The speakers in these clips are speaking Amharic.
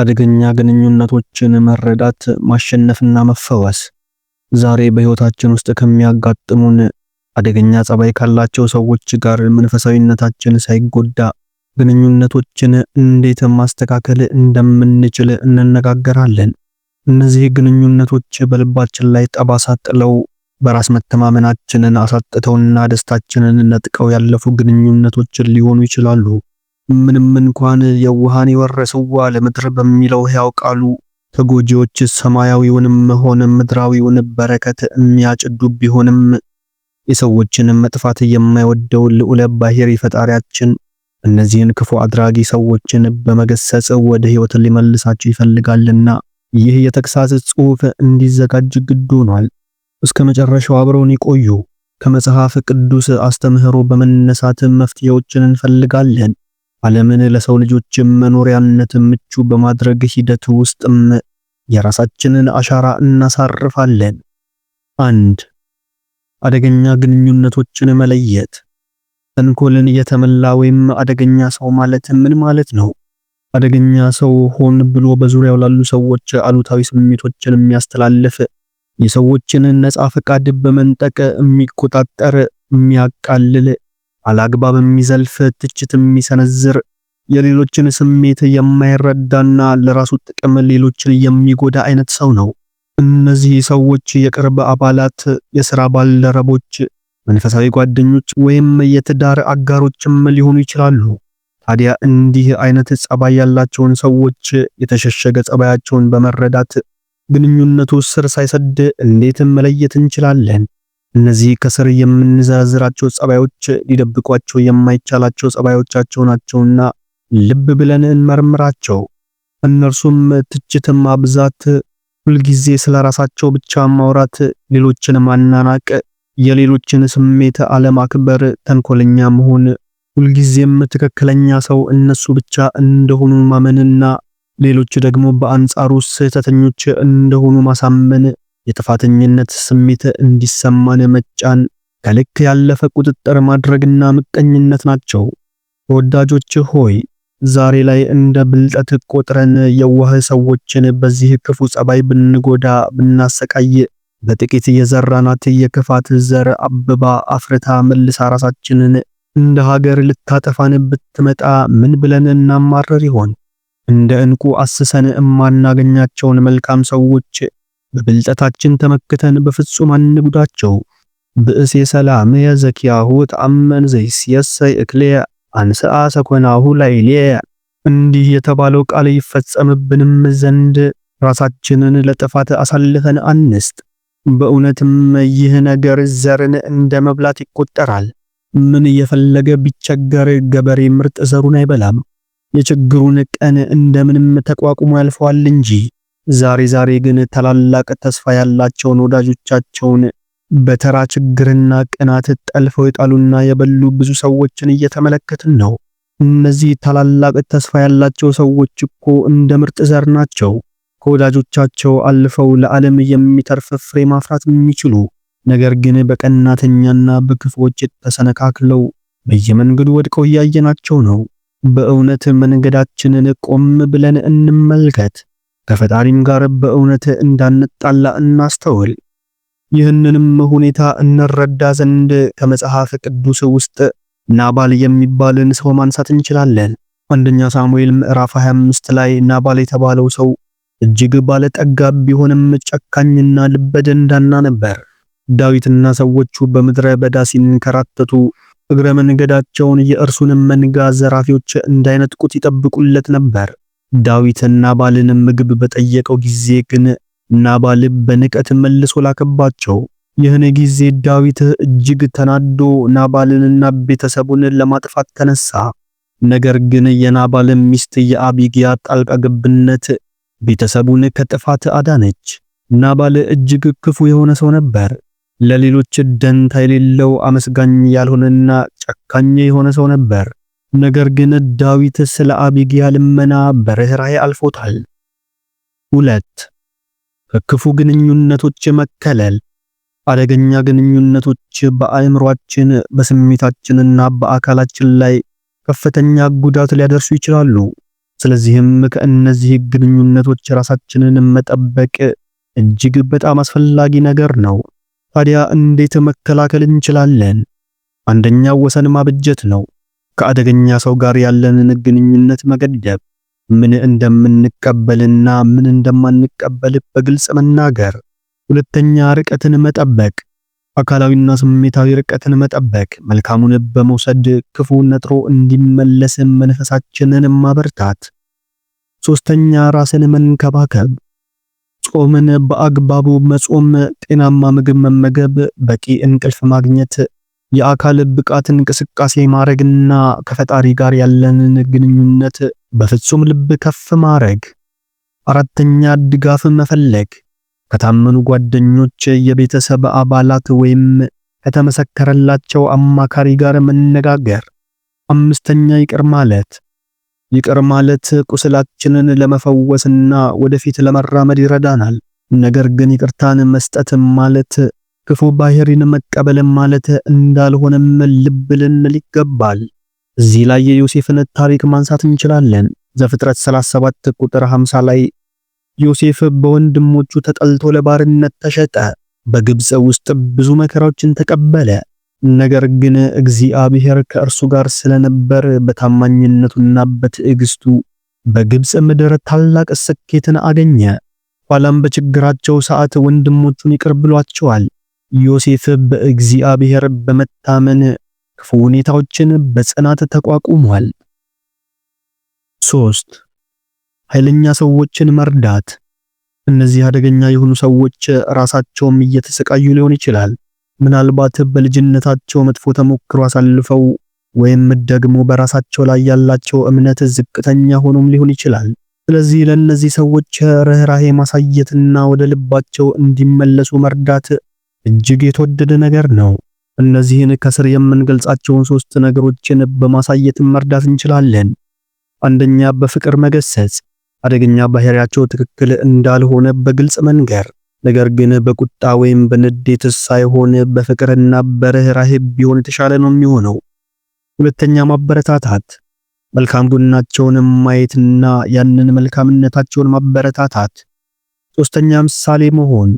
አደገኛ ግንኙነቶችን መረዳት፣ ማሸነፍና መፈወስ። ዛሬ በህይወታችን ውስጥ ከሚያጋጥሙን አደገኛ ጸባይ ካላቸው ሰዎች ጋር መንፈሳዊነታችን ሳይጎዳ ግንኙነቶችን እንዴት ማስተካከል እንደምንችል እንነጋገራለን። እነዚህ ግንኙነቶች በልባችን ላይ ጠባሳ ጥለው በራስ መተማመናችንን አሳጥተውና ደስታችንን ነጥቀው ያለፉ ግንኙነቶችን ሊሆኑ ይችላሉ። ምንም እንኳን የውሃን የወረሰዋ ለምድር በሚለው ሕያው ቃሉ ተጎጂዎች ሰማያዊውንም ሆነ ምድራዊውን በረከት የሚያጭዱ ቢሆንም የሰዎችን መጥፋት የማይወደው ልዑለ ባሕሪ ፈጣሪያችን እነዚህን ክፉ አድራጊ ሰዎችን በመገሰጽ ወደ ሕይወት ሊመልሳቸው ይፈልጋልና ይህ የተክሳስ ጽሑፍ እንዲዘጋጅ ግድ ሆኗል። እስከ መጨረሻው አብረውን ይቆዩ። ከመጽሐፍ ቅዱስ አስተምህሮ በመነሳት መፍትሄዎችን እንፈልጋለን። ዓለምን ለሰው ልጆች መኖሪያነት ምቹ በማድረግ ሂደት ውስጥም የራሳችንን አሻራ እናሳርፋለን። አንድ አደገኛ ግንኙነቶችን መለየት። ተንኮልን የተመላ ወይም አደገኛ ሰው ማለት ምን ማለት ነው? አደገኛ ሰው ሆን ብሎ በዙሪያው ላሉ ሰዎች አሉታዊ ስሜቶችን የሚያስተላልፍ፣ የሰዎችን ነፃ ፈቃድ በመንጠቅ የሚቆጣጠር፣ የሚያቃልል አላግባብ የሚዘልፍ ትችት የሚሰነዝር የሌሎችን ስሜት የማይረዳና ለራሱ ጥቅም ሌሎችን የሚጎዳ አይነት ሰው ነው። እነዚህ ሰዎች የቅርብ አባላት፣ የሥራ ባልደረቦች፣ መንፈሳዊ ጓደኞች ወይም የትዳር አጋሮችም ሊሆኑ ይችላሉ። ታዲያ እንዲህ አይነት ጸባይ ያላቸውን ሰዎች የተሸሸገ ጸባያቸውን በመረዳት ግንኙነቱ ስር ሳይሰድ እንዴት መለየት እንችላለን? እነዚህ ከስር የምንዘረዝራቸው ጸባዮች ሊደብቋቸው የማይቻላቸው ጸባዮቻቸው ናቸውና ልብ ብለን እንመርምራቸው። እነርሱም ትችት ማብዛት፣ ሁልጊዜ ስለ ራሳቸው ብቻ ማውራት፣ ሌሎችን ማናናቅ፣ የሌሎችን ስሜት አለማክበር፣ ተንኮለኛ መሆን፣ ሁልጊዜም ትክክለኛ ሰው እነሱ ብቻ እንደሆኑ ማመንና ሌሎች ደግሞ በአንጻሩ ስህተተኞች እንደሆኑ ማሳመን የጥፋተኝነት ስሜት እንዲሰማን መጫን፣ ከልክ ያለፈ ቁጥጥር ማድረግና ምቀኝነት ናቸው። ተወዳጆች ሆይ ዛሬ ላይ እንደ ብልጠት ቆጥረን የዋህ ሰዎችን በዚህ ክፉ ጸባይ ብንጎዳ ብናሰቃይ በጥቂት የዘራናት የክፋት ዘር አብባ አፍርታ መልሳ ራሳችንን እንደ ሀገር ልታጠፋን ብትመጣ ምን ብለን እናማረር ይሆን? እንደ እንቁ አስሰን እማናገኛቸውን መልካም ሰዎች በብልጠታችን ተመክተን በፍጹም አንጉዳቸው። ብእሴ ሰላም የዘኪያሁ ተአመን ዘይስየሰይ እክልየ አንስአ ሰኮናሁ ላይሌ እንዲህ የተባለው ቃል ይፈጸምብንም ዘንድ ራሳችንን ለጥፋት አሳልፈን አንስጥ። በእውነትም ይህ ነገር ዘርን እንደ መብላት ይቆጠራል። ምን እየፈለገ ቢቸገር ገበሬ ምርጥ ዘሩን አይበላም። የችግሩን ቀን እንደምንም ተቋቁሞ ያልፈዋል እንጂ ዛሬ ዛሬ ግን ታላላቅ ተስፋ ያላቸውን ወዳጆቻቸውን በተራ ችግርና ቅናት ጠልፈው የጣሉና የበሉ ብዙ ሰዎችን እየተመለከትን ነው። እነዚህ ታላላቅ ተስፋ ያላቸው ሰዎች እኮ እንደ ምርጥ ዘር ናቸው። ከወዳጆቻቸው አልፈው ለዓለም የሚተርፍ ፍሬ ማፍራት የሚችሉ ነገር ግን በቀናተኛና በክፎች ተሰነካክለው በየመንገዱ ወድቀው እያየናቸው ነው። በእውነት መንገዳችንን ቆም ብለን እንመልከት። ከፈጣሪም ጋር በእውነት እንዳንጣላ እናስተውል። ይህንንም ሁኔታ እንረዳ ዘንድ ከመጽሐፍ ቅዱስ ውስጥ ናባል የሚባልን ሰው ማንሳት እንችላለን። አንደኛ ሳሙኤል ምዕራፍ 25 ላይ ናባል የተባለው ሰው እጅግ ባለጠጋ ቢሆንም ጨካኝና ልበ ደንዳና ነበር። ዳዊትና ሰዎቹ በምድረ በዳ ሲንከራተቱ እግረ መንገዳቸውን የእርሱንም መንጋ ዘራፊዎች እንዳይነጥቁት ይጠብቁለት ነበር። ዳዊትና ናባልን ምግብ በጠየቀው ጊዜ ግን ናባል በንቀት መልሶ ላከባቸው። ይህን ጊዜ ዳዊት እጅግ ተናዶ ናባልንና ቤተሰቡን ለማጥፋት ተነሳ። ነገር ግን የናባል ሚስት የአቢግያ ጣልቃ ገብነት ቤተሰቡን ከጥፋት አዳነች። ናባል እጅግ ክፉ የሆነ ሰው ነበር። ለሌሎች ደንታ የሌለው አመስጋኝ ያልሆነና ጨካኝ የሆነ ሰው ነበር። ነገር ግን ዳዊት ስለ አቢግያ ልመና በርኅራኄ አልፎታል። ሁለት ከክፉ ግንኙነቶች መከለል። አደገኛ ግንኙነቶች በአእምሯችን በስሜታችንና በአካላችን ላይ ከፍተኛ ጉዳት ሊያደርሱ ይችላሉ። ስለዚህም ከእነዚህ ግንኙነቶች ራሳችንን መጠበቅ እጅግ በጣም አስፈላጊ ነገር ነው። ታዲያ እንዴት መከላከል እንችላለን? አንደኛው ወሰን ማብጀት ነው። ከአደገኛ ሰው ጋር ያለንን ግንኙነት መገደብ፣ ምን እንደምንቀበልና ምን እንደማንቀበል በግልጽ መናገር። ሁለተኛ ርቀትን መጠበቅ፣ አካላዊና ስሜታዊ ርቀትን መጠበቅ፣ መልካሙን በመውሰድ ክፉ ነጥሮ እንዲመለስ መንፈሳችንን ማበርታት። ሶስተኛ ራስን መንከባከብ፣ ጾምን በአግባቡ መጾም፣ ጤናማ ምግብ መመገብ፣ በቂ እንቅልፍ ማግኘት፣ የአካል ብቃትን እንቅስቃሴ ማድረግና ከፈጣሪ ጋር ያለንን ግንኙነት በፍጹም ልብ ከፍ ማድረግ። አራተኛ ድጋፍ መፈለግ ከታመኑ ጓደኞች፣ የቤተሰብ አባላት ወይም ከተመሰከረላቸው አማካሪ ጋር መነጋገር። አምስተኛ ይቅር ማለት ይቅር ማለት ቁስላችንን ለመፈወስና ወደፊት ለመራመድ ይረዳናል። ነገር ግን ይቅርታን መስጠት ማለት ክፉ ባህሪን መቀበል ማለት እንዳልሆነም ልብ ልንል ይገባል። እዚህ ላይ የዮሴፍን ታሪክ ማንሳት እንችላለን። ዘፍጥረት 37 ቁጥር 50 ላይ ዮሴፍ በወንድሞቹ ተጠልቶ ለባርነት ተሸጠ። በግብፅ ውስጥ ብዙ መከራዎችን ተቀበለ። ነገር ግን እግዚአብሔር ከእርሱ ጋር ስለነበር በታማኝነቱና በትዕግስቱ በግብፅ ምድር ታላቅ ስኬትን አገኘ። ኋላም በችግራቸው ሰዓት ወንድሞቹን ይቅር ብሏቸዋል። ዮሴፍ በእግዚአብሔር በመታመን ክፉ ሁኔታዎችን በጽናት ተቋቁሟል። ሶስት ኃይለኛ ሰዎችን መርዳት። እነዚህ አደገኛ የሆኑ ሰዎች ራሳቸውም እየተሰቃዩ ሊሆን ይችላል። ምናልባት በልጅነታቸው መጥፎ ተሞክሮ አሳልፈው ወይም ደግሞ በራሳቸው ላይ ያላቸው እምነት ዝቅተኛ ሆኖም ሊሆን ይችላል። ስለዚህ ለእነዚህ ሰዎች ረህራሄ ማሳየትና ወደ ልባቸው እንዲመለሱ መርዳት እጅግ የተወደደ ነገር ነው። እነዚህን ከስር የምንገልጻቸውን ሶስት ነገሮችን በማሳየት መርዳት እንችላለን። አንደኛ፣ በፍቅር መገሰጽ፣ አደገኛ ባህሪያቸው ትክክል እንዳልሆነ በግልጽ መንገር፣ ነገር ግን በቁጣ ወይም በንዴት ሳይሆን በፍቅርና በርህራሄ ቢሆን የተሻለ ነው የሚሆነው። ሁለተኛ፣ ማበረታታት፣ መልካም ጎናቸውን ማየትና ያንን መልካምነታቸውን ማበረታታት። ሶስተኛ፣ ምሳሌ መሆን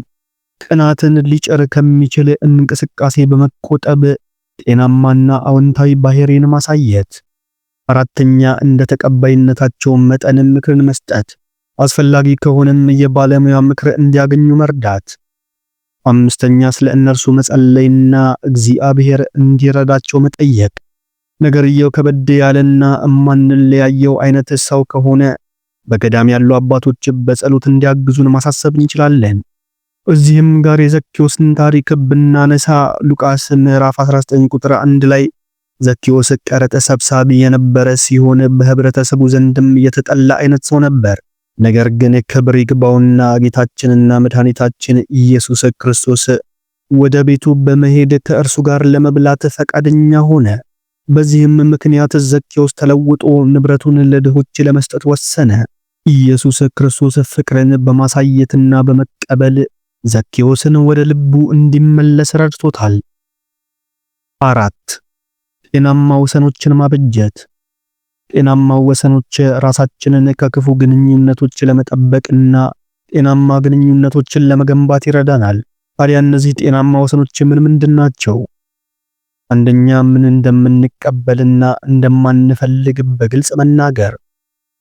ቅናትን ሊጨር ከሚችል እንቅስቃሴ በመቆጠብ ጤናማና አዎንታዊ ባህሪን ማሳየት። አራተኛ እንደ ተቀባይነታቸው መጠን ምክርን መስጠት፣ አስፈላጊ ከሆነም የባለሙያ ምክር እንዲያገኙ መርዳት። አምስተኛ ስለ እነርሱ መጸለይና እግዚአብሔር እንዲረዳቸው መጠየቅ። ነገርየው ከበድ ያለና እማንለያየው አይነት ሰው ከሆነ በገዳም ያሉ አባቶች በጸሎት እንዲያግዙን ማሳሰብ እንችላለን። እዚህም ጋር የዘኪዎስን ታሪክ ብናነሳ ሉቃስ ምዕራፍ 19 ቁጥር 1 ላይ ዘኪዎስ ቀረጠ ሰብሳቢ የነበረ ሲሆን በህብረተሰቡ ዘንድም የተጠላ አይነት ሰው ነበር። ነገር ግን ክብር ይግባውና ጌታችንና መድኃኒታችን ኢየሱስ ክርስቶስ ወደ ቤቱ በመሄድ ከእርሱ ጋር ለመብላት ፈቃደኛ ሆነ። በዚህም ምክንያት ዘኪዎስ ተለውጦ ንብረቱን ለድሆች ለመስጠት ወሰነ። ኢየሱስ ክርስቶስ ፍቅርን በማሳየትና በመቀበል ዘኬዎስን ወደ ልቡ እንዲመለስ ረድቶታል። አራት ጤናማ ወሰኖችን ማበጀት። ጤናማ ወሰኖች ራሳችንን ከክፉ ግንኙነቶች ለመጠበቅና ጤናማ ግንኙነቶችን ለመገንባት ይረዳናል። ታዲያ እነዚህ ጤናማ ወሰኖች ምን ምንድን ናቸው? አንደኛ ምን እንደምንቀበልና እንደማንፈልግ በግልጽ መናገር።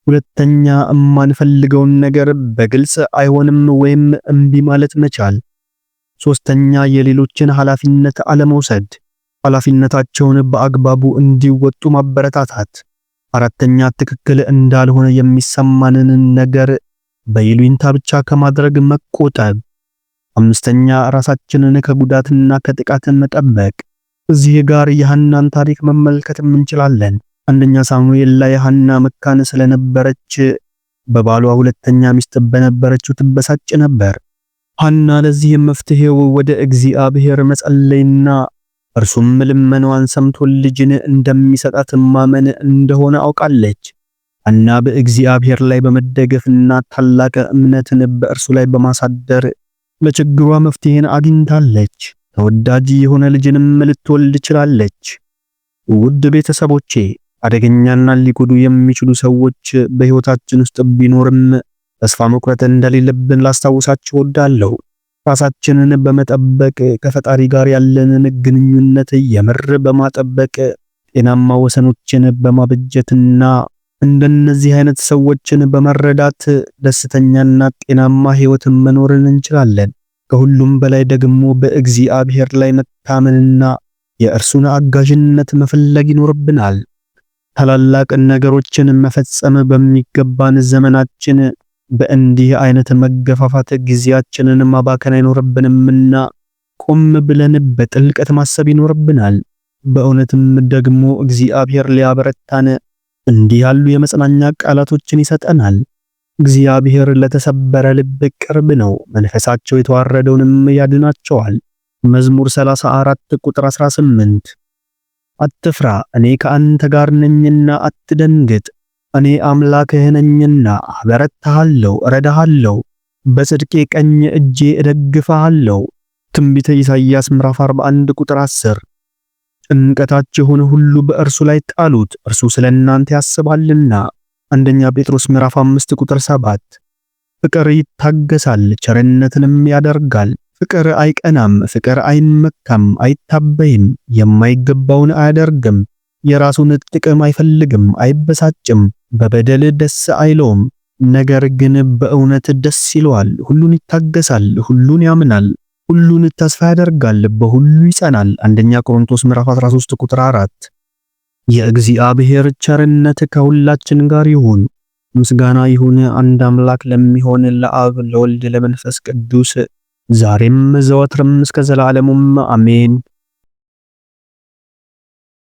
ሁለተኛ የማንፈልገውን ነገር በግልጽ አይሆንም ወይም እምቢ ማለት መቻል። ሶስተኛ የሌሎችን ኃላፊነት አለመውሰድ፣ ኃላፊነታቸውን በአግባቡ እንዲወጡ ማበረታታት። አራተኛ ትክክል እንዳልሆነ የሚሰማንን ነገር በይሉኝታ ብቻ ከማድረግ መቆጠብ። አምስተኛ ራሳችንን ከጉዳትና ከጥቃት መጠበቅ። እዚህ ጋር የሐናን ታሪክ መመልከት እንችላለን። አንደኛ ሳሙኤል ላይ ሐና መካን ስለነበረች በባሏ ሁለተኛ ሚስት በነበረችው ትበሳጭ ነበር። ሐና ለዚህ መፍትሄው ወደ እግዚአብሔር መጸለይና እርሱም ልመናዋን ሰምቶ ልጅን እንደሚሰጣት ማመን እንደሆነ አውቃለች። ሐና በእግዚአብሔር ላይ በመደገፍና ታላቅ እምነትን በእርሱ ላይ በማሳደር ለችግሯ መፍትሄን አግኝታለች። ተወዳጅ የሆነ ልጅንም ልትወልድ ችላለች። ውድ ቤተሰቦቼ አደገኛና ሊጎዱ የሚችሉ ሰዎች በህይወታችን ውስጥ ቢኖርም ተስፋ መቁረጥ እንደሌለብን ላስታውሳችሁ እወዳለሁ። ራሳችንን በመጠበቅ ከፈጣሪ ጋር ያለንን ግንኙነት የምር በማጠበቅ ጤናማ ወሰኖችን በማበጀትና እንደነዚህ አይነት ሰዎችን በመረዳት ደስተኛና ጤናማ ህይወት መኖርን እንችላለን። ከሁሉም በላይ ደግሞ በእግዚአብሔር ላይ መታመንና የእርሱን አጋዥነት መፈለግ ይኖርብናል። ታላላቅ ነገሮችን መፈጸም በሚገባን ዘመናችን በእንዲህ አይነት መገፋፋት ጊዜያችንን ማባከን አይኖርብንምና ቆም ብለን በጥልቀት ማሰብ ይኖርብናል። በእውነትም ደግሞ እግዚአብሔር ሊያበረታን እንዲህ ያሉ የመጽናኛ ቃላቶችን ይሰጠናል። እግዚአብሔር ለተሰበረ ልብ ቅርብ ነው፣ መንፈሳቸው የተዋረደውንም ያድናቸዋል። መዝሙር 34 ቁጥር 18 አትፍራ፣ እኔ ከአንተ ጋር ነኝና አትደንግጥ። እኔ አምላክህ ነኝና አበረታሃለሁ፣ እረዳሃለሁ፣ በጽድቄ ቀኝ እጄ እደግፈሃለሁ። ትንቢተ ኢሳይያስ ምዕራፍ 41 ቁጥር 10። ጭንቀታችሁን ሁሉ በእርሱ ላይ ጣሉት፣ እርሱ ስለ እናንተ ያስባልና። አንደኛ ጴጥሮስ ምዕራፍ 5 ቁጥር 7። ፍቅር ይታገሳል፣ ቸርነትንም ያደርጋል ፍቅር አይቀናም፣ ፍቅር አይመካም፣ አይታበይም፣ የማይገባውን አያደርግም፣ የራሱን ጥቅም አይፈልግም፣ አይበሳጭም፣ በበደል ደስ አይለውም። ነገር ግን በእውነት ደስ ይለዋል፣ ሁሉን ይታገሳል፣ ሁሉን ያምናል፣ ሁሉን ተስፋ ያደርጋል፣ በሁሉ ይጸናል። አንደኛ ቆሮንቶስ ምዕራፍ 13 ቁጥር 4። የእግዚአብሔር ቸርነት ከሁላችን ጋር ይሁን። ምስጋና ይሁን አንድ አምላክ ለሚሆን ለአብ ለወልድ ለመንፈስ ቅዱስ ዛሬም ዘወትርም እስከ ዘላለሙም አሜን።